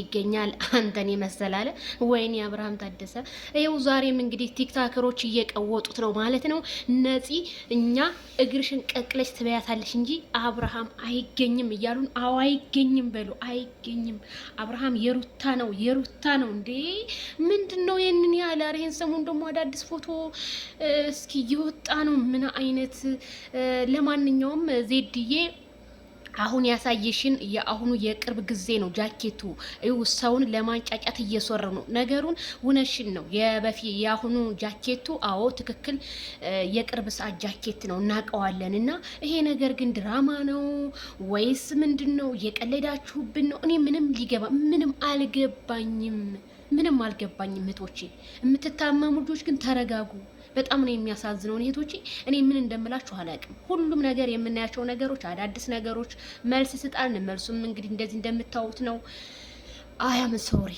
ይገኛል አንተን የመሰላለ ወይኔ አብርሃም ታደሰ ይኸው ዛሬም እንግዲህ ቲክታከሮች እየቀወጡት ነው ማለት ነው። ነፂ እኛ እግርሽን ቀቅለሽ ትበያታለሽ እንጂ አብርሃም አይገኝም እያሉን፣ አዎ አይገኝም በሉ አይገኝም። አብርሃም የሩታ ነው የሩታ ነው እንዴ! ምንድን ነው ይህንን ያለ ይህን ሰሞን ደግሞ አዳዲስ ፎቶ እስኪ እየወጣ ነው ምን አይነት ለማንኛውም ዜድዬ አሁን ያሳየሽን የአሁኑ የቅርብ ጊዜ ነው። ጃኬቱ ሰውን ለማንጫጫት እየሰሩ ነው። ነገሩን ውነሽን ነው። የአሁኑ ጃኬቱ አዎ፣ ትክክል የቅርብ ሰዓት ጃኬት ነው እናውቀዋለን። እና ይሄ ነገር ግን ድራማ ነው ወይስ ምንድን ነው? የቀለዳችሁብን ነው? እኔ ምንም ሊገባ ምንም አልገባኝም። ምንም አልገባኝም። እህቶቼ፣ የምትታመሙ ልጆች ግን ተረጋጉ። በጣም ነው የሚያሳዝነው። እህቶቼ እኔ ምን እንደምላችሁ አላውቅም። ሁሉም ነገር የምናያቸው ነገሮች አዳዲስ ነገሮች መልስ ስጣልን። መልሱም እንግዲህ እንደዚህ እንደምታዩት ነው። አያም ሶሪ